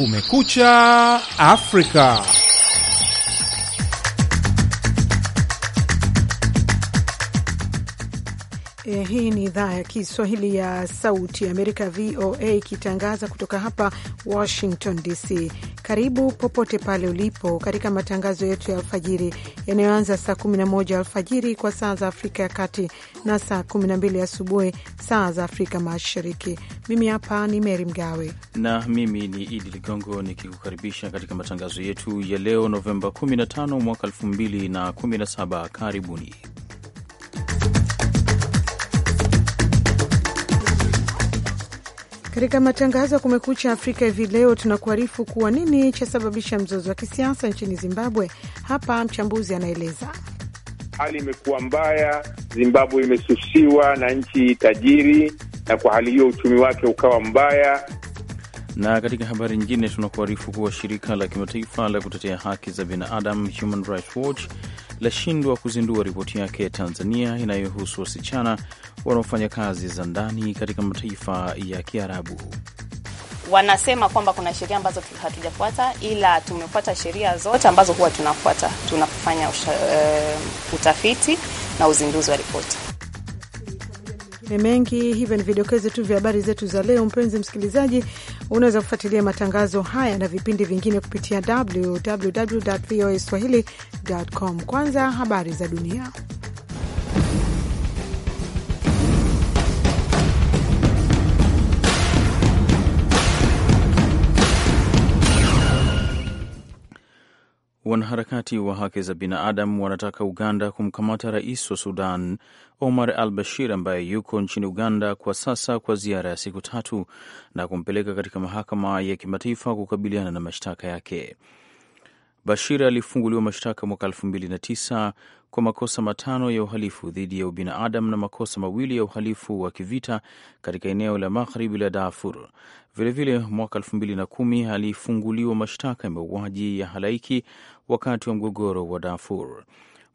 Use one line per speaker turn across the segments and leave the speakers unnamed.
Kumekucha Afrika.
Eh, hii ni idhaa ya Kiswahili ya Sauti ya Amerika, VOA, ikitangaza kutoka hapa Washington DC. Karibu popote pale ulipo katika matangazo yetu ya alfajiri yanayoanza saa 11 alfajiri kwa saa za Afrika ya Kati na saa 12 asubuhi saa za Afrika Mashariki. Mimi hapa ni mery Mgawe
na mimi ni Idi Ligongo nikikukaribisha katika matangazo yetu ya leo Novemba 15 mwaka 2017. Karibuni.
Katika matangazo ya Kumekucha Afrika hivi leo tunakuarifu kuwa nini chasababisha mzozo wa kisiasa nchini Zimbabwe. Hapa mchambuzi anaeleza.
Hali imekuwa mbaya, Zimbabwe imesusiwa na nchi tajiri, na kwa hali hiyo uchumi wake ukawa mbaya.
Na katika habari nyingine tunakuarifu kuwa shirika la kimataifa la kutetea haki za binadamu Human Rights Watch lashindwa kuzindua ripoti yake Tanzania inayohusu wasichana wanaofanya kazi za ndani katika mataifa ya Kiarabu.
Wanasema kwamba kuna sheria ambazo hatujafuata, ila tumefuata sheria zote ambazo huwa tunafuata tunapofanya uh, eh, utafiti
na uzinduzi wa ripoti
mengi. Hivyo ni vidokezo tu vya habari zetu za leo, mpenzi msikilizaji Unaweza kufuatilia matangazo haya na vipindi vingine kupitia www voa swahili.com. Kwanza habari za dunia.
Wanaharakati wa haki za binadamu wanataka Uganda kumkamata rais wa Sudan Omar al Bashir ambaye yuko nchini Uganda kwa sasa kwa ziara ya siku tatu na kumpeleka katika mahakama ya kimataifa kukabiliana na mashtaka yake. Bashir alifunguliwa mashtaka mwaka elfu mbili na tisa kwa makosa matano ya uhalifu dhidi ya ubinadamu na makosa mawili ya uhalifu wa kivita katika eneo la magharibi la Darfur. Vilevile mwaka elfu na kumi alifunguliwa mashtaka ya mauaji ya halaiki wakati wa mgogoro wa Darfur.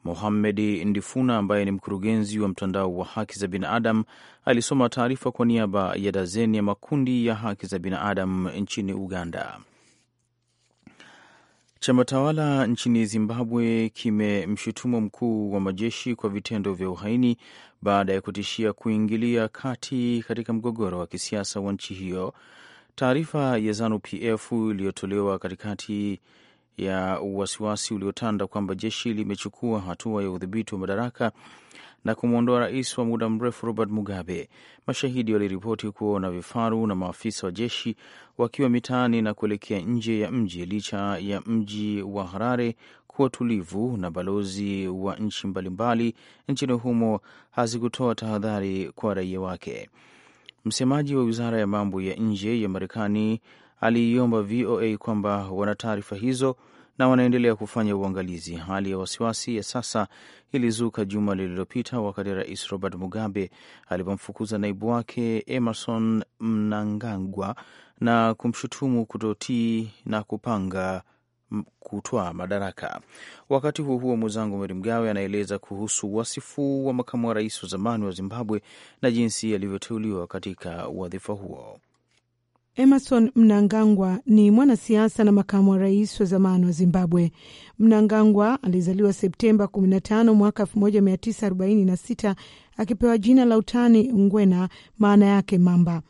Mohamed Ndifuna ambaye ni mkurugenzi wa mtandao wa haki za binadamu alisoma taarifa kwa niaba ya dazeni ya makundi ya haki za binadamu nchini Uganda. Chama tawala nchini Zimbabwe kimemshutumu mkuu wa majeshi kwa vitendo vya uhaini baada ya kutishia kuingilia kati katika mgogoro wa kisiasa wa nchi hiyo. Taarifa ya ZANU-PF iliyotolewa katikati ya wasiwasi uliotanda kwamba jeshi limechukua hatua ya udhibiti wa madaraka na kumwondoa rais wa muda mrefu Robert Mugabe. Mashahidi waliripoti kuona vifaru na maafisa wa jeshi wakiwa mitaani na kuelekea nje ya mji, licha ya mji wa Harare kuwa tulivu na balozi wa nchi mbalimbali nchini humo hazikutoa tahadhari kwa raia wake. Msemaji wa wizara ya mambo ya nje ya Marekani aliiomba VOA kwamba wana taarifa hizo na wanaendelea kufanya uangalizi. Hali ya wasiwasi ya sasa ilizuka juma lililopita wakati Rais Robert Mugabe alipomfukuza naibu wake Emerson Mnangagwa na kumshutumu kutotii na kupanga kutwa madaraka. Wakati huo huo, mwenzangu Meri Mgawe anaeleza kuhusu wasifu wa makamu wa rais wa zamani wa Zimbabwe na jinsi alivyoteuliwa katika wadhifa huo.
Emerson Mnangagwa ni mwanasiasa na makamu wa rais wa zamani wa Zimbabwe. Mnangagwa alizaliwa Septemba 15 mwaka 1946 akipewa jina la utani Ngwena, maana yake mamba.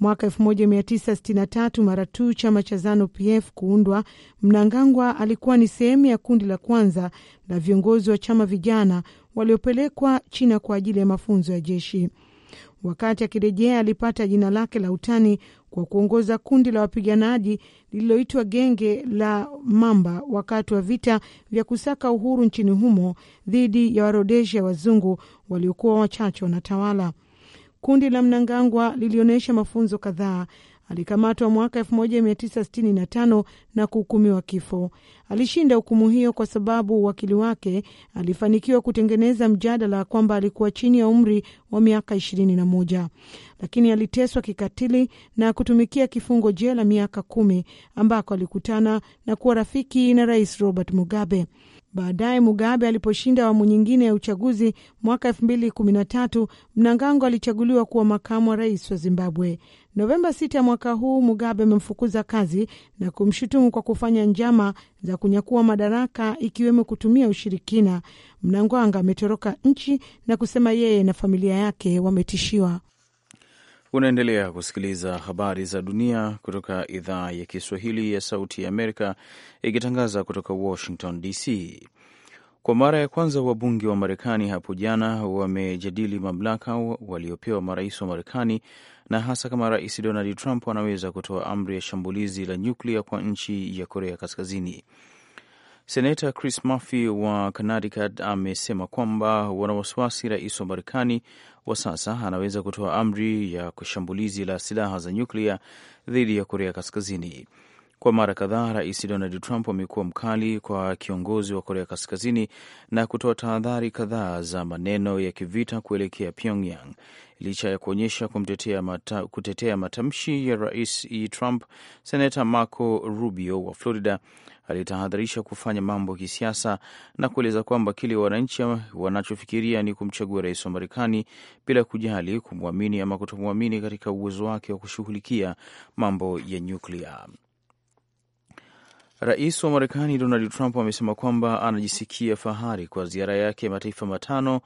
Mwaka 1963 mara tu chama cha Zanu PF kuundwa, Mnangagwa alikuwa ni sehemu ya kundi la kwanza la viongozi wa chama vijana waliopelekwa China kwa ajili ya mafunzo ya jeshi. Wakati akirejea, alipata jina lake la utani kwa kuongoza kundi la wapiganaji lililoitwa genge la mamba wakati wa vita vya kusaka uhuru nchini humo dhidi ya Warodesia wazungu waliokuwa wachache wanatawala. Kundi la Mnangagwa lilionyesha mafunzo kadhaa Alikamatwa mwaka 1965 na kuhukumiwa kifo. Alishinda hukumu hiyo kwa sababu wakili wake alifanikiwa kutengeneza mjadala kwamba alikuwa chini ya umri wa miaka 21, lakini aliteswa kikatili na kutumikia kifungo jela miaka kumi ambako alikutana na kuwa rafiki na Rais Robert Mugabe. Baadaye Mugabe aliposhinda awamu nyingine ya uchaguzi mwaka tatu, Mnangagwa alichaguliwa kuwa makamu wa rais wa Zimbabwe. Novemba 6 mwaka huu, Mugabe amemfukuza kazi na kumshutumu kwa kufanya njama za kunyakua madaraka ikiwemo kutumia ushirikina. Mnangagwa ametoroka nchi na kusema yeye na familia yake wametishiwa.
Unaendelea kusikiliza habari za dunia kutoka idhaa ya Kiswahili ya Sauti ya Amerika ikitangaza kutoka Washington DC. Kwa mara ya kwanza wabunge wa Marekani hapo jana wamejadili mamlaka waliopewa marais wa Marekani na hasa kama Rais Donald Trump anaweza kutoa amri ya shambulizi la nyuklia kwa nchi ya Korea Kaskazini. Senata Chris Murphy wa Connecticut amesema kwamba wana wasiwasi rais wa Marekani wa sasa anaweza kutoa amri ya shambulizi la silaha za nyuklia dhidi ya Korea Kaskazini. Kwa mara kadhaa, Rais Donald Trump amekuwa mkali kwa kiongozi wa Korea Kaskazini na kutoa tahadhari kadhaa za maneno ya kivita kuelekea Pyongyang. Licha ya kuonyesha kumtetea mata, kutetea matamshi ya Rais E. Trump, Senata Marco Rubio wa Florida alitahadharisha kufanya mambo ya kisiasa na kueleza kwamba kile wananchi wanachofikiria ni kumchagua rais wa Marekani bila kujali kumwamini ama kutomwamini katika uwezo wake wa kushughulikia mambo ya nyuklia. Rais wa Marekani Donald Trump amesema kwamba anajisikia fahari kwa ziara yake ya mataifa matano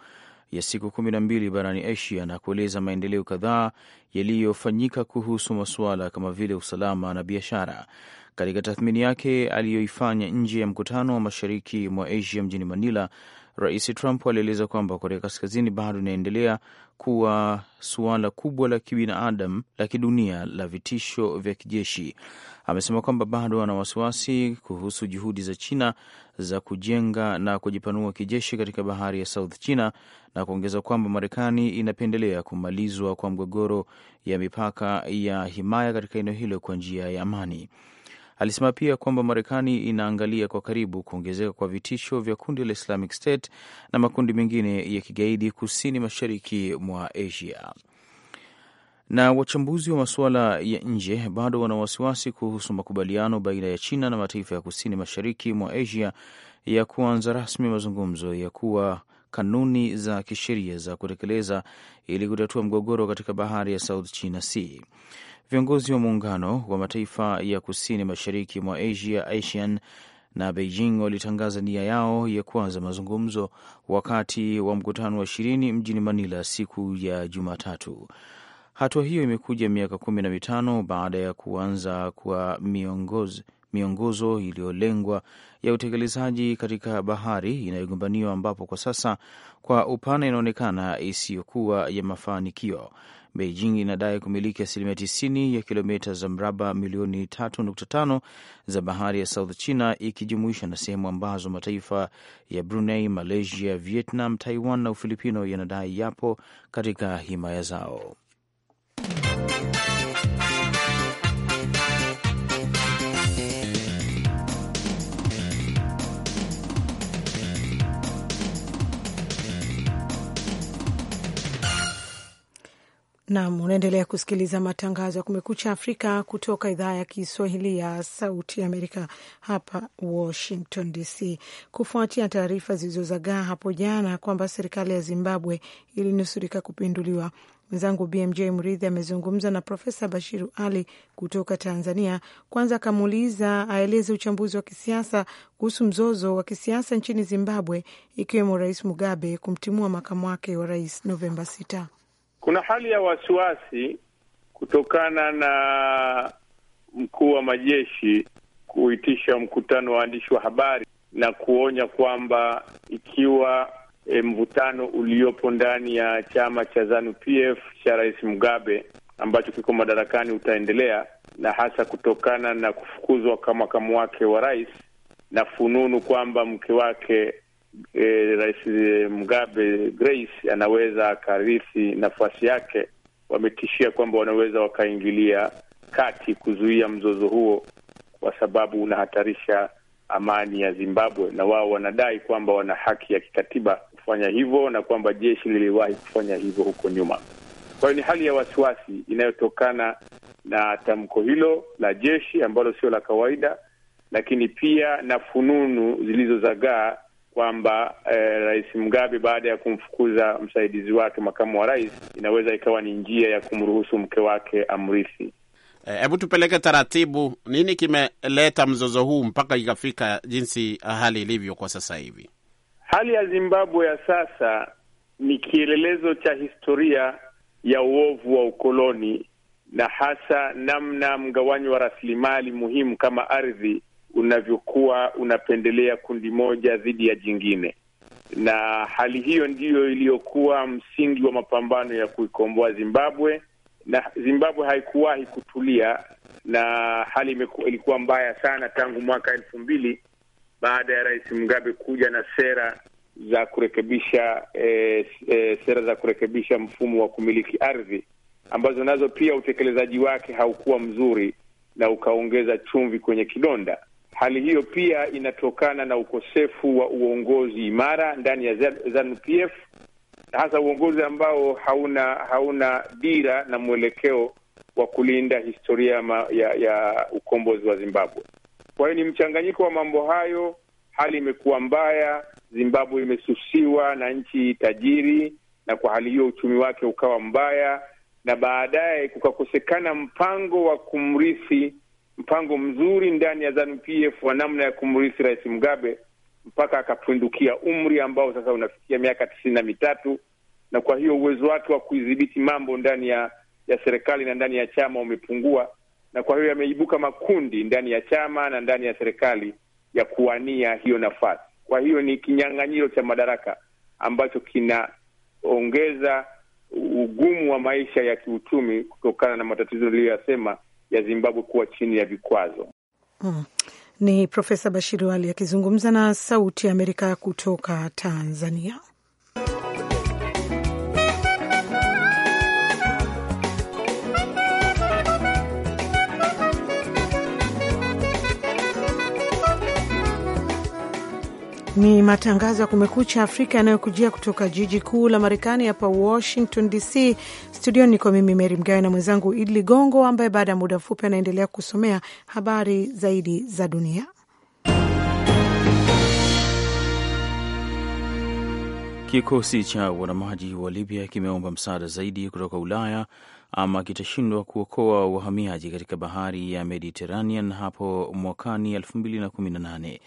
ya siku kumi na mbili barani Asia na kueleza maendeleo kadhaa yaliyofanyika kuhusu masuala kama vile usalama na biashara. Katika tathmini yake aliyoifanya nje ya mkutano wa mashariki mwa Asia mjini Manila, Rais Trump alieleza kwamba Korea Kaskazini bado inaendelea kuwa suala kubwa la kibinadamu la kidunia la vitisho vya kijeshi. Amesema kwamba bado ana wasiwasi kuhusu juhudi za China za kujenga na kujipanua kijeshi katika bahari ya South China na kuongeza kwamba Marekani inapendelea kumalizwa kwa mgogoro ya mipaka ya himaya katika eneo hilo kwa njia ya amani. Alisema pia kwamba Marekani inaangalia kwa karibu kuongezeka kwa vitisho vya kundi la Islamic State na makundi mengine ya kigaidi kusini mashariki mwa Asia. Na wachambuzi wa masuala ya nje bado wana wasiwasi kuhusu makubaliano baina ya China na mataifa ya kusini mashariki mwa Asia ya kuanza rasmi mazungumzo ya kuwa kanuni za kisheria za kutekeleza ili kutatua mgogoro katika bahari ya South China Sea. Viongozi wa muungano wa mataifa ya kusini mashariki mwa Asia, ASEAN na Beijing walitangaza nia yao ya kuanza mazungumzo wakati wa mkutano wa ishirini mjini Manila siku ya Jumatatu. Hatua hiyo imekuja miaka kumi na mitano baada ya kuanza kwa miongozo, miongozo iliyolengwa ya utekelezaji katika bahari inayogombaniwa ambapo kwa sasa kwa upana inaonekana isiyokuwa ya mafanikio. Beijing inadai kumiliki asilimia 90 ya kilomita za mraba milioni 3.5 za bahari ya South China, ikijumuisha na sehemu ambazo mataifa ya Brunei, Malaysia, Vietnam, Taiwan na Ufilipino yanadai yapo katika himaya zao.
Nam, unaendelea kusikiliza matangazo ya Kumekucha Afrika kutoka idhaa ya Kiswahili ya Sauti Amerika hapa Washington DC. Kufuatia taarifa zilizozagaa hapo jana kwamba serikali ya Zimbabwe ilinusurika kupinduliwa, mwenzangu BMJ Mridhi amezungumza na Profesa Bashiru Ali kutoka Tanzania. Kwanza akamuuliza aeleze uchambuzi wa kisiasa kuhusu mzozo wa kisiasa nchini Zimbabwe, ikiwemo Rais Mugabe kumtimua makamu wake wa rais Novemba 6.
Kuna hali ya wasiwasi kutokana na mkuu wa majeshi kuitisha mkutano wa waandishi wa habari na kuonya kwamba ikiwa e, mvutano uliopo ndani ya chama cha ZANU-PF cha Rais Mugabe ambacho kiko madarakani utaendelea, na hasa kutokana na kufukuzwa kwa makamu wake wa rais na fununu kwamba mke wake eh, Rais eh, Mugabe Grace anaweza akarithi nafasi yake, wametishia kwamba wanaweza wakaingilia kati kuzuia mzozo huo, kwa sababu unahatarisha amani ya Zimbabwe, na wao wanadai kwamba wana haki ya kikatiba kufanya hivyo na kwamba jeshi liliwahi kufanya hivyo huko nyuma. Kwa hiyo ni hali ya wasiwasi inayotokana na tamko hilo la jeshi ambalo sio la kawaida, lakini pia na fununu zilizozagaa kwamba eh, Rais Mugabe baada ya kumfukuza msaidizi wake makamu wa rais, inaweza ikawa ni njia ya kumruhusu mke wake amrithi.
Eh, hebu eh, tupeleke taratibu, nini kimeleta mzozo huu mpaka ikafika jinsi hali ilivyo kwa sasa hivi?
Hali ya Zimbabwe ya sasa ni kielelezo cha historia ya uovu wa ukoloni na hasa namna mgawanyo wa rasilimali muhimu kama ardhi unavyokuwa unapendelea kundi moja dhidi ya jingine, na hali hiyo ndiyo iliyokuwa msingi wa mapambano ya kuikomboa Zimbabwe, na Zimbabwe haikuwahi kutulia, na hali ilikuwa mbaya sana tangu mwaka elfu mbili baada ya Rais Mugabe kuja na sera za kurekebisha eh, eh, sera za kurekebisha mfumo wa kumiliki ardhi ambazo nazo pia utekelezaji wake haukuwa mzuri na ukaongeza chumvi kwenye kidonda. Hali hiyo pia inatokana na ukosefu wa uongozi imara ndani ya zanupf na hasa uongozi ambao hauna hauna dira na mwelekeo wa kulinda historia ma, ya, ya ukombozi wa Zimbabwe. Kwa hiyo ni mchanganyiko wa mambo hayo. Hali imekuwa mbaya, Zimbabwe imesusiwa na nchi tajiri, na kwa hali hiyo uchumi wake ukawa mbaya, na baadaye kukakosekana mpango wa kumrithi mpango mzuri ndani ya ZANU PF wa namna ya kumrithi Rais Mugabe mpaka akapindukia umri ambao sasa unafikia miaka tisini na mitatu, na kwa hiyo uwezo wake wa kuidhibiti mambo ndani ya ya serikali na ndani ya chama umepungua, na kwa hiyo yameibuka makundi ndani ya chama na ndani ya serikali ya kuwania hiyo nafasi. Kwa hiyo ni kinyang'anyiro cha madaraka ambacho kinaongeza ugumu wa maisha ya kiuchumi kutokana na matatizo niliyoyasema ya Zimbabwe kuwa chini ya vikwazo.
Hmm. Ni Profesa bashiri Wali akizungumza na Sauti ya Amerika kutoka Tanzania. Ni matangazo ya Kumekucha Afrika yanayokujia kutoka jiji kuu la Marekani, hapa Washington DC. Studioni niko mimi Meri Mgawe na mwenzangu Idi Ligongo, ambaye baada ya muda mfupi anaendelea kusomea habari zaidi za dunia.
Kikosi cha wanamaji wa Libya kimeomba msaada zaidi kutoka Ulaya ama kitashindwa kuokoa wahamiaji katika bahari ya Mediterranean hapo mwakani 2018.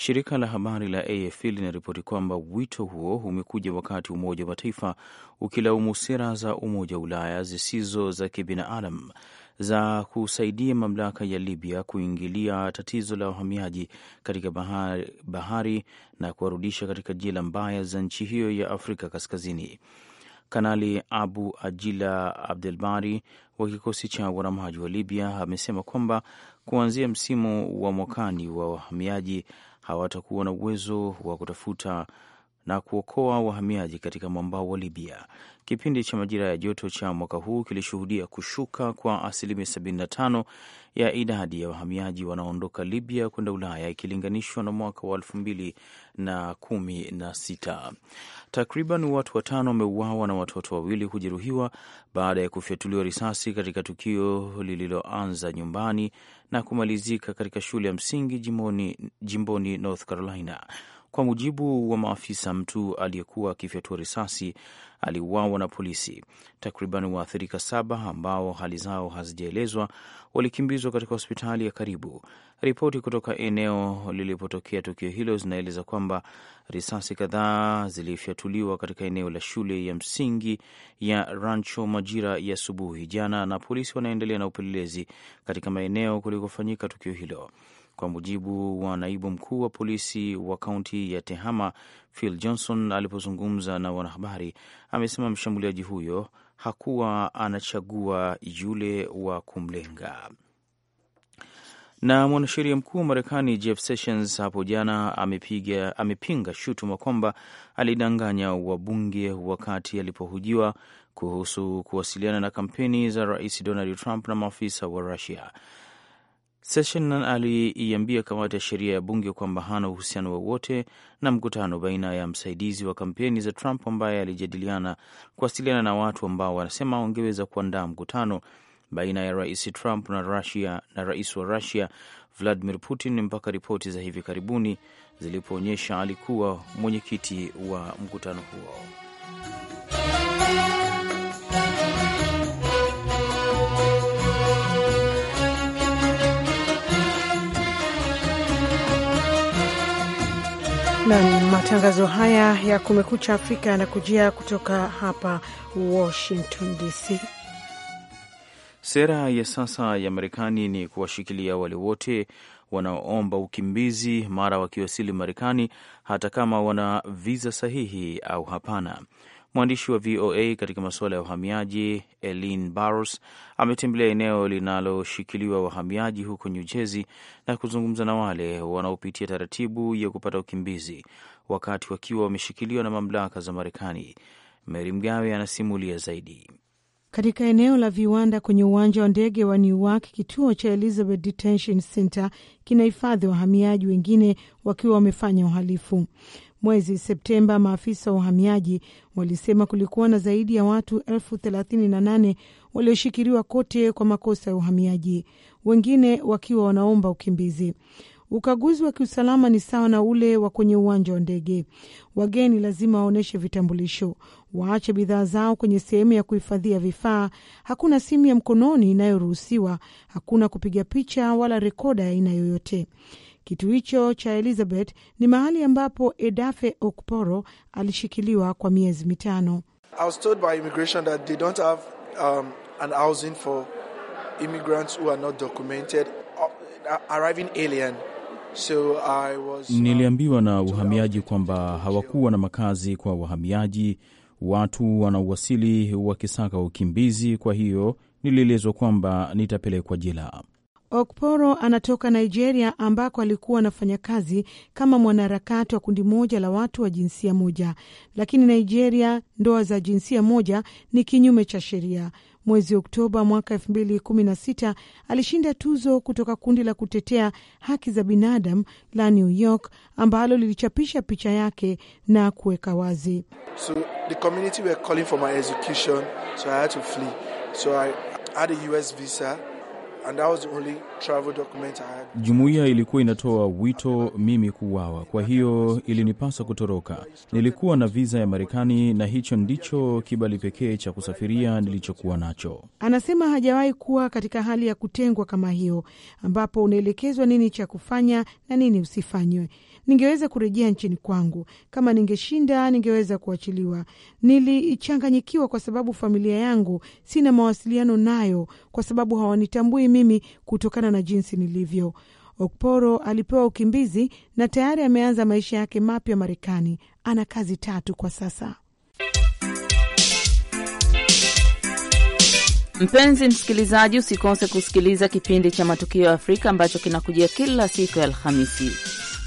Shirika la habari la AFP linaripoti kwamba wito huo umekuja wakati Umoja wa Mataifa ukilaumu sera za Umoja wa Ulaya zisizo za kibinadamu za kusaidia mamlaka ya Libya kuingilia tatizo la wahamiaji katika bahari, bahari na kuwarudisha katika jela mbaya za nchi hiyo ya Afrika Kaskazini. Kanali Abu Ajila Abdelbari wa kikosi cha waramaji wa Libya amesema kwamba kuanzia msimu wa mwakani wa wahamiaji hawatakuwa na uwezo wa kutafuta na kuokoa wahamiaji katika mwambao wa Libya. Kipindi cha majira ya joto cha mwaka huu kilishuhudia kushuka kwa asilimia 75 ya idadi ya wahamiaji wanaoondoka Libya kwenda Ulaya ikilinganishwa na mwaka wa 2016. Takriban watu watano wameuawa na watoto wawili kujeruhiwa baada ya kufyatuliwa risasi katika tukio lililoanza nyumbani na kumalizika katika shule ya msingi jimboni, jimboni North Carolina. Kwa mujibu wa maafisa, mtu aliyekuwa akifyatua risasi aliuawa na polisi. Takriban waathirika saba ambao hali zao hazijaelezwa walikimbizwa katika hospitali ya karibu. Ripoti kutoka eneo lilipotokea tukio hilo zinaeleza kwamba risasi kadhaa zilifyatuliwa katika eneo la shule ya msingi ya Rancho majira ya asubuhi jana, na polisi wanaendelea na upelelezi katika maeneo kulikofanyika tukio hilo. Kwa mujibu wa naibu mkuu wa polisi wa kaunti ya Tehama, Phil Johnson alipozungumza na wanahabari, amesema mshambuliaji huyo hakuwa anachagua yule wa kumlenga. Na mwanasheria mkuu wa Marekani Jeff Sessions hapo jana amepiga amepinga shutuma kwamba alidanganya wabunge wakati alipohujiwa kuhusu kuwasiliana na kampeni za Rais Donald Trump na maafisa wa Rusia. Sessions aliiambia kamati ya sheria ya bunge kwamba hana uhusiano wowote na mkutano baina ya msaidizi wa kampeni za Trump ambaye alijadiliana kuwasiliana na watu ambao wanasema wangeweza kuandaa mkutano baina ya rais Trump na, Russia, na rais wa rasia Vladimir Putin mpaka ripoti za hivi karibuni zilipoonyesha alikuwa mwenyekiti wa mkutano huo.
na matangazo haya ya Kumekucha Afrika yanakujia kutoka hapa Washington DC.
Sera ya sasa ya Marekani ni kuwashikilia wale wote wanaoomba ukimbizi mara wakiwasili Marekani, hata kama wana viza sahihi au hapana. Mwandishi wa VOA katika masuala ya uhamiaji Elin Barros ametembelea eneo linaloshikiliwa wahamiaji huko New Jersey na kuzungumza na wale wanaopitia taratibu ya kupata ukimbizi wakati wakiwa wameshikiliwa na mamlaka za Marekani. mary Mgawe anasimulia zaidi.
Katika eneo la viwanda kwenye uwanja wa ndege wa Newark, kituo cha Elizabeth Detention Center kinahifadhi wahamiaji wengine wakiwa wamefanya uhalifu. Mwezi Septemba, maafisa wa uhamiaji walisema kulikuwa na zaidi ya watu elfu thelathini na nane walioshikiliwa kote kwa makosa ya uhamiaji, wengine wakiwa wanaomba ukimbizi. Ukaguzi wa kiusalama ni sawa na ule wa kwenye uwanja wa ndege. Wageni lazima waonyeshe vitambulisho, waache bidhaa zao kwenye sehemu ya kuhifadhia vifaa. Hakuna simu ya mkononi inayoruhusiwa, hakuna kupiga picha wala rekoda ya aina yoyote. Kituo hicho cha Elizabeth ni mahali ambapo Edafe Okporo alishikiliwa kwa miezi mitano.
Um, uh, so I
was, uh, niliambiwa na uhamiaji kwamba hawakuwa na makazi kwa wahamiaji, watu wanaowasili wakisaka ukimbizi. Kwa hiyo nilielezwa kwamba nitapelekwa jela.
Okporo anatoka Nigeria ambako alikuwa anafanya kazi kama mwanaharakati wa kundi moja la watu wa jinsia moja, lakini Nigeria ndoa za jinsia moja ni kinyume cha sheria. Mwezi Oktoba mwaka 2016 alishinda tuzo kutoka kundi la kutetea haki za binadamu la New York ambalo lilichapisha picha yake na kuweka wazi.
So the so And that was the only travel document I had.
Jumuiya ilikuwa inatoa wito mimi kuuawa, kwa hiyo ilinipasa kutoroka. Nilikuwa na viza ya Marekani na hicho ndicho kibali pekee cha kusafiria nilichokuwa nacho.
Anasema hajawahi kuwa katika hali ya kutengwa kama hiyo, ambapo unaelekezwa nini cha kufanya na nini usifanywe ningeweza kurejea nchini kwangu. Kama ningeshinda, ningeweza kuachiliwa. Nilichanganyikiwa kwa sababu familia yangu sina mawasiliano nayo, kwa sababu hawanitambui mimi kutokana na jinsi nilivyo. Okporo alipewa ukimbizi na tayari ameanza maisha yake mapya Marekani. Ana kazi tatu kwa sasa.
Mpenzi msikilizaji, usikose kusikiliza kipindi cha Matukio ya Afrika ambacho kinakujia kila siku ya Alhamisi.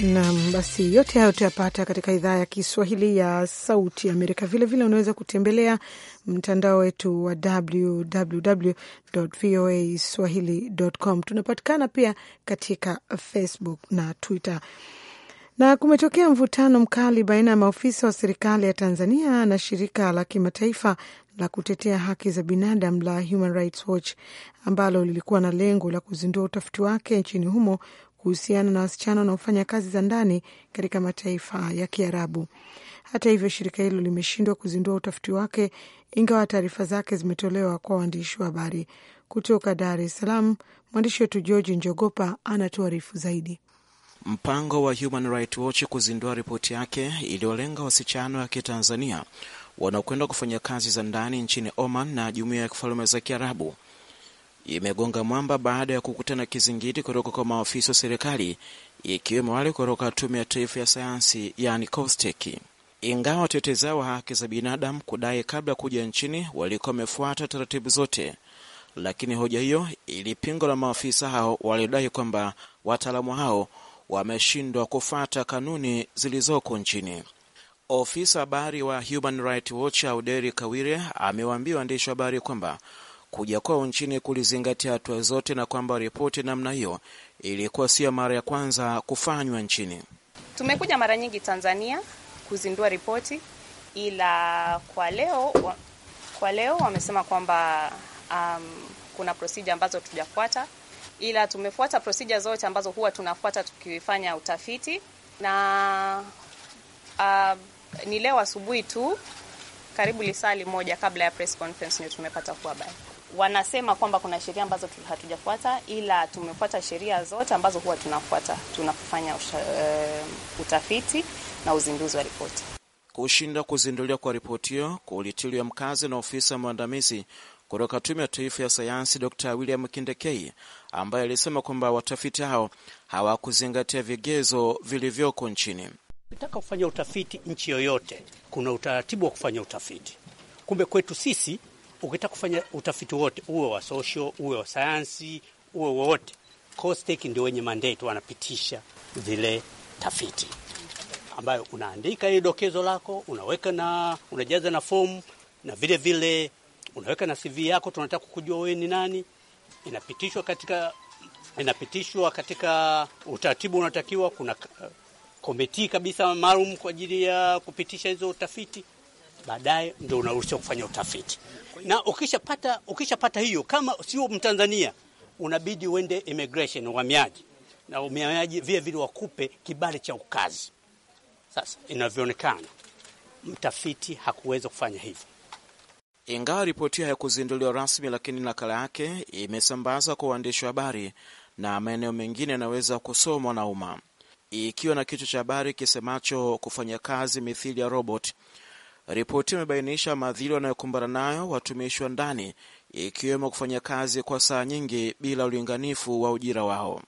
Nam, basi yote hayo tuyapata katika idhaa ya Kiswahili ya Sauti Amerika. Vilevile unaweza kutembelea mtandao wetu wa www voa swahili.com. Tunapatikana pia katika Facebook na Twitter. Na kumetokea mvutano mkali baina ya maofisa wa serikali ya Tanzania na shirika la kimataifa la kutetea haki za binadamu la Human Rights Watch ambalo lilikuwa na lengo la kuzindua utafiti wake nchini humo kuhusiana na wasichana wanaofanya kazi za ndani katika mataifa ya Kiarabu. Hata hivyo, shirika hilo limeshindwa kuzindua utafiti wake, ingawa taarifa zake zimetolewa kwa waandishi wa habari. Kutoka Dar es Salaam, mwandishi wetu George Njogopa anatuarifu zaidi.
Mpango wa Human Rights Watch kuzindua ripoti yake iliyolenga wasichana wa Kitanzania wanaokwenda kufanya kazi za ndani nchini Oman na Jumuiya ya Kifalume za Kiarabu imegonga mwamba baada ya kukutana kizingiti kutoka kwa maafisa wa serikali ikiwemo wale kutoka Tume ya Taifa ya Sayansi yani COSTECH. Ingawa watetezao wa haki za binadamu kudai kabla ya kuja nchini walikuwa wamefuata taratibu zote, lakini hoja hiyo ilipingwa na maafisa hao waliodai kwamba wataalamu hao wameshindwa kufuata kanuni zilizoko nchini. Ofisa habari wa Human Rights Watch Auderi Kawire amewaambia waandishi wa habari kwamba kuja kwao nchini kulizingatia hatua zote na kwamba ripoti namna hiyo ilikuwa sio mara ya kwanza kufanywa nchini.
Tumekuja mara nyingi Tanzania kuzindua ripoti, ila kwa leo, kwa leo wamesema kwamba um, kuna prosija ambazo tujafuata, ila tumefuata prosija zote ambazo huwa tunafuata tukifanya utafiti na uh, ni leo asubuhi tu karibu lisali moja kabla ya press conference ndio tumepata bai wanasema kwamba kuna sheria ambazo hatujafuata, ila tumefuata sheria zote ambazo huwa tunafuata tunapofanya uh, eh, utafiti na uzinduzi wa ripoti.
Kushindwa kuzinduliwa kwa ripoti hiyo kulitiliwa mkazi na ofisa mwandamizi kutoka Tume ya Taifa ya Sayansi, Dr William Kindekei, ambaye alisema kwamba watafiti hao hawakuzingatia vigezo vilivyoko nchini.
Ukitaka kufanya utafiti nchi yoyote, kuna utaratibu wa kufanya utafiti. Kumbe kwetu sisi ukitaka kufanya utafiti wote, uwe wa social, uwe wa sayansi, uwe wowote, COSTECH ndio wenye mandate, wanapitisha zile tafiti ambayo unaandika ile dokezo lako, unaweka na unajaza na fomu na vile vile unaweka na CV yako, tunataka kujua wewe ni nani. Inapitishwa katika inapitishwa katika utaratibu unatakiwa. Kuna komiti uh, kabisa maalum kwa ajili ya kupitisha hizo tafiti baadaye ndio unaruhusiwa kufanya utafiti, na ukishapata ukishapata hiyo, kama sio Mtanzania unabidi uende immigration, uhamiaji, na uhamiaji vile vile wakupe kibali cha ukazi. Sasa inavyoonekana mtafiti hakuweza kufanya hivyo.
Ingawa ripoti hiyo haikuzinduliwa rasmi, lakini nakala yake imesambazwa kwa waandishi wa habari na maeneo mengine yanaweza kusomwa na umma, ikiwa na kichwa cha habari kisemacho kufanya kazi mithili ya robot. Ripoti imebainisha maadhiri wanayokumbana nayo watumishi wa ndani, ikiwemo kufanya kazi kwa saa nyingi bila ulinganifu wa ujira wao.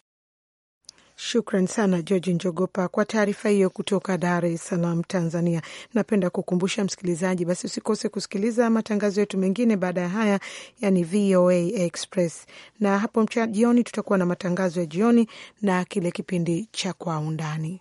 Shukran sana Georgi Njogopa kwa taarifa hiyo kutoka Dar es Salaam, Tanzania. Napenda kukumbusha msikilizaji, basi usikose kusikiliza matangazo yetu mengine baada ya haya, yani VOA Express, na hapo mcha jioni tutakuwa na matangazo ya jioni na kile kipindi cha Kwa Undani.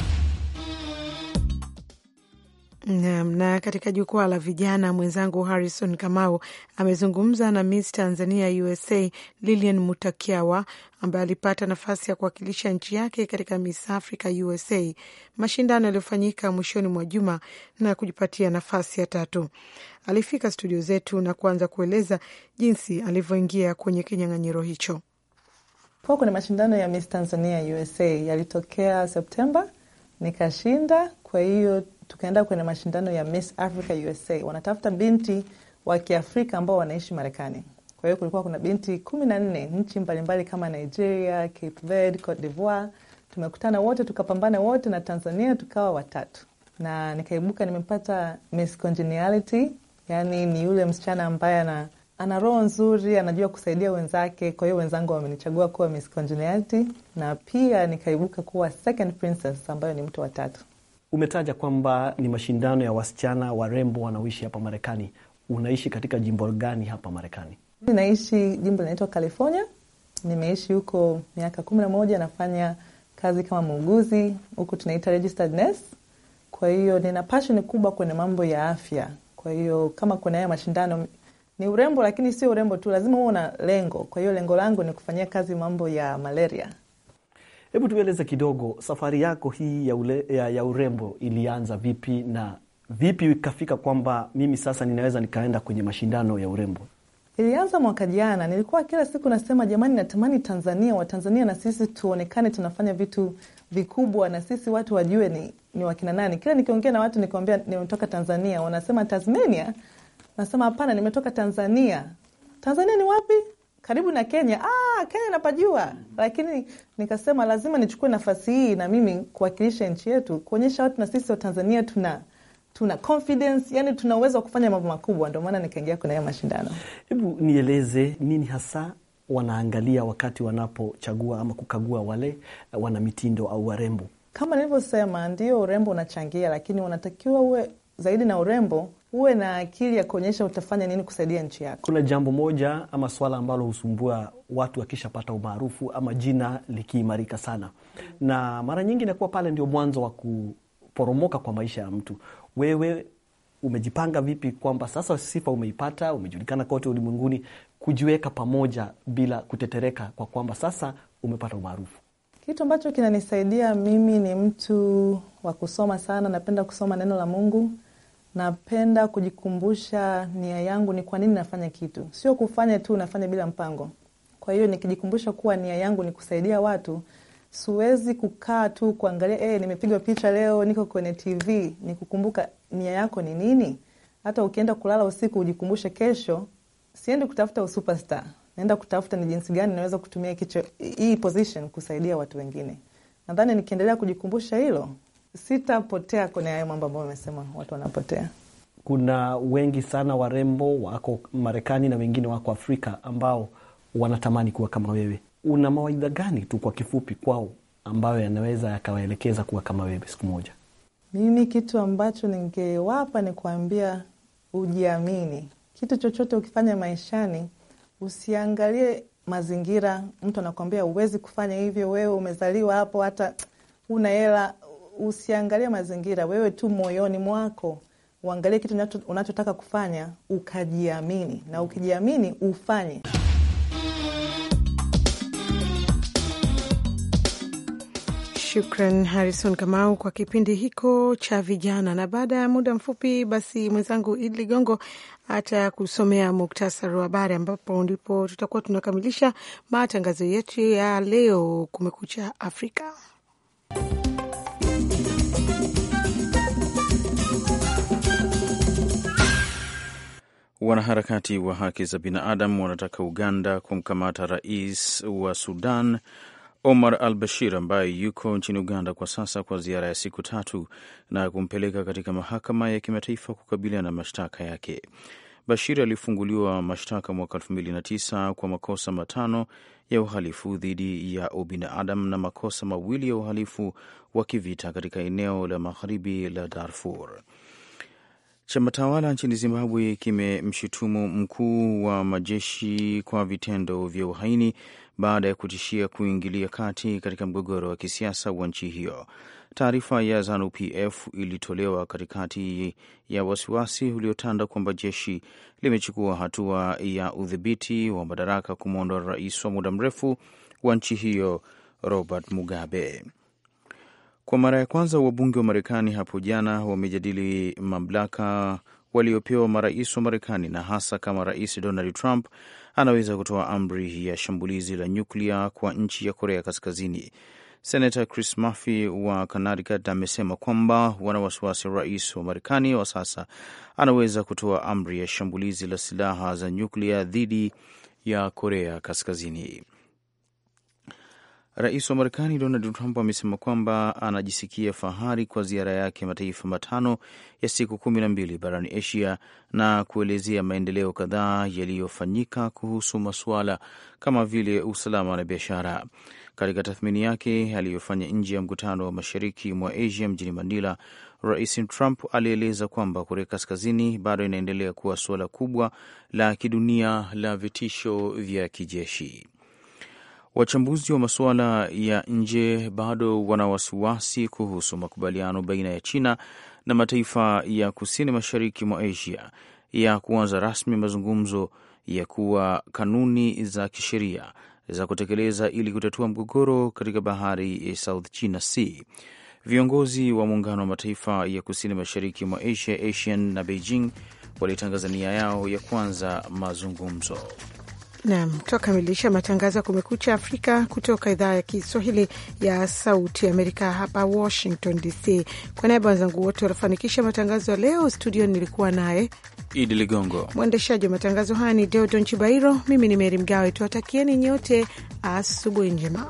katika jukwaa la vijana, mwenzangu Harrison Kamau amezungumza na Miss Tanzania USA Lilian Mutakiawa ambaye alipata nafasi ya kuwakilisha nchi yake katika Miss Africa USA, mashindano yaliyofanyika mwishoni mwa juma na kujipatia nafasi ya tatu. Alifika studio zetu na kuanza kueleza jinsi alivyoingia kwenye kinyang'anyiro hicho.
Po kwenye mashindano ya Miss Tanzania USA yalitokea Septemba, nikashinda. Kwa hiyo tukaenda kwenye mashindano ya Miss Africa USA, wanatafuta binti wa Kiafrika ambao wanaishi Marekani. Kwa hiyo kulikuwa kuna binti kumi na nne nchi mbalimbali kama Nigeria, Cape Verde, Cote d'Ivoire. Tumekutana wote tukapambana wote na Tanzania tukawa watatu, na nikaibuka nimepata Miss Congeniality, yani ni yule msichana ambaye ana ana roho nzuri, anajua kusaidia wenzake. Kwa hiyo wenzangu wamenichagua kuwa Miss Congeniality, na pia nikaibuka kuwa second princess ambayo ni
mtu watatu. Umetaja kwamba ni mashindano ya wasichana warembo wanaoishi hapa Marekani. Unaishi katika jimbo gani hapa Marekani?
naishi jimbo linaitwa California. Nimeishi huko miaka kumi na moja. Nafanya kazi kama muuguzi, huku tunaita registered nurse. Kwa hiyo nina passion kubwa kwenye mambo ya afya. Kwa hiyo kama kuna haya mashindano ni urembo, lakini sio urembo tu, lazima huo na lengo. Kwa hiyo lengo langu ni kufanyia kazi mambo ya malaria.
Hebu tueleze kidogo safari yako hii ya, ule, ya, ya urembo ilianza vipi na vipi ikafika kwamba mimi sasa ninaweza nikaenda kwenye mashindano ya urembo?
Ilianza mwaka jana. Nilikuwa kila siku nasema, jamani, natamani Tanzania, Watanzania na sisi tuonekane tunafanya vitu vikubwa, na sisi watu wajue ni, ni wakina nani. Kila nikiongea na watu nikiwambia nimetoka Tanzania, wanasema Tasmania. Nasema hapana, nimetoka Tanzania. Tanzania ni wapi? Karibu na Kenya. Ah, Ah, Kenya napajua Lakini nikasema lazima nichukue nafasi hii na mimi kuwakilisha nchi yetu, kuonyesha watu na sisi Watanzania tuna tuna confidence, yani tuna uwezo wa kufanya mambo
makubwa. Ndio maana nikaingia kwenye hayo mashindano. Hebu nieleze nini hasa wanaangalia wakati wanapochagua ama kukagua wale eh, wana mitindo au warembo? Kama nilivyosema,
ndio urembo unachangia, lakini unatakiwa uwe zaidi na urembo uwe na akili ya kuonyesha utafanya nini kusaidia nchi yako.
Kuna jambo moja ama swala ambalo husumbua watu wakishapata umaarufu ama jina likiimarika sana, mm. na mara nyingi inakuwa pale ndio mwanzo wa kuporomoka kwa maisha ya mtu. Wewe umejipanga vipi kwamba sasa sifa umeipata, umejulikana kote ulimwenguni, kujiweka pamoja bila kutetereka kwa kwamba sasa umepata umaarufu?
Kitu ambacho kinanisaidia mimi ni mtu wa kusoma sana, napenda kusoma neno la Mungu napenda kujikumbusha nia yangu ni kwa nini nafanya kitu, sio kufanya tu, nafanya bila mpango. Kwa hiyo nikijikumbusha kuwa nia yangu ni kusaidia watu, siwezi kukaa tu kuangalia e, nimepigwa picha leo, niko kwenye TV. Ni kukumbuka nia yako ni nini. Hata ukienda kulala usiku ujikumbushe, kesho siendi kutafuta usuperstar, naenda kutafuta ni jinsi gani naweza kutumia hii position kusaidia watu wengine. Nadhani nikiendelea kujikumbusha hilo sitapotea kwenye hayo mambo ambayo amesema watu
wanapotea. Kuna wengi sana warembo wako Marekani na wengine wako Afrika ambao wanatamani kuwa kama wewe. Una mawaidha gani tu kwa kifupi kwao ambayo yanaweza yakawaelekeza kuwa kama wewe siku moja?
Mimi kitu ambacho ningewapa ni kuambia ujiamini. Kitu chochote ukifanya maishani, usiangalie mazingira. Mtu anakuambia uwezi kufanya hivyo, wewe umezaliwa hapo, hata una hela usiangalie mazingira, wewe tu moyoni mwako uangalie kitu unachotaka kufanya, ukajiamini, na ukijiamini ufanye. Shukran Harison Kamau
kwa kipindi hiko cha vijana. Na baada ya muda mfupi, basi mwenzangu Idi Ligongo atakusomea muktasari wa habari, ambapo ndipo tutakuwa tunakamilisha matangazo yetu ya leo, Kumekucha Afrika.
Wanaharakati wa haki za binadamu wanataka Uganda kumkamata rais wa Sudan Omar al Bashir ambaye yuko nchini Uganda kwa sasa kwa ziara ya siku tatu na kumpeleka katika mahakama ya kimataifa kukabiliana na mashtaka yake. Bashir alifunguliwa mashtaka mwaka 2009 kwa makosa matano ya uhalifu dhidi ya ubinadamu na makosa mawili ya uhalifu wa kivita katika eneo la magharibi la Darfur. Chama tawala nchini Zimbabwe kimemshutumu mkuu wa majeshi kwa vitendo vya uhaini baada ya kutishia kuingilia kati katika mgogoro wa kisiasa wa nchi hiyo. Taarifa ya ZANU-PF ilitolewa katikati ya wasiwasi uliotanda kwamba jeshi limechukua hatua ya udhibiti wa madaraka kumwondoa rais wa muda mrefu wa nchi hiyo Robert Mugabe. Kwa mara ya kwanza wabunge wa Marekani hapo jana wamejadili mamlaka waliopewa marais wa Marekani na hasa kama Rais Donald Trump anaweza kutoa amri ya shambulizi la nyuklia kwa nchi ya Korea Kaskazini. Senator Chris Murphy wa Connecticut amesema kwamba wana wasiwasi rais wa Marekani wa sasa anaweza kutoa amri ya shambulizi la silaha za nyuklia dhidi ya Korea Kaskazini. Rais wa Marekani Donald Trump amesema kwamba anajisikia fahari kwa ziara yake mataifa matano ya siku kumi na mbili barani Asia na kuelezea maendeleo kadhaa yaliyofanyika kuhusu masuala kama vile usalama na biashara. Katika tathmini yake aliyofanya nje ya mkutano wa mashariki mwa Asia mjini Manila, Rais Trump alieleza kwamba Korea Kaskazini bado inaendelea kuwa suala kubwa la kidunia la vitisho vya kijeshi. Wachambuzi wa masuala ya nje bado wana wasiwasi kuhusu makubaliano baina ya China na mataifa ya kusini mashariki mwa Asia ya kuanza rasmi mazungumzo ya kuwa kanuni za kisheria za kutekeleza ili kutatua mgogoro katika bahari ya South China Sea. Viongozi wa muungano wa mataifa ya kusini mashariki mwa Asia, ASEAN na Beijing walitangaza nia yao ya kuanza mazungumzo.
Nam, tuakamilisha matangazo ya Kumekucha Afrika kutoka idhaa ya Kiswahili ya Sauti Amerika hapa Washington DC. Kwa niaba wenzangu wote waliofanikisha matangazo ya leo, studio nilikuwa naye
Idi Ligongo,
mwendeshaji wa matangazo haya ni Deodon Chibairo, mimi ni Meri Mgawe. Tuwatakieni nyote asubuhi njema.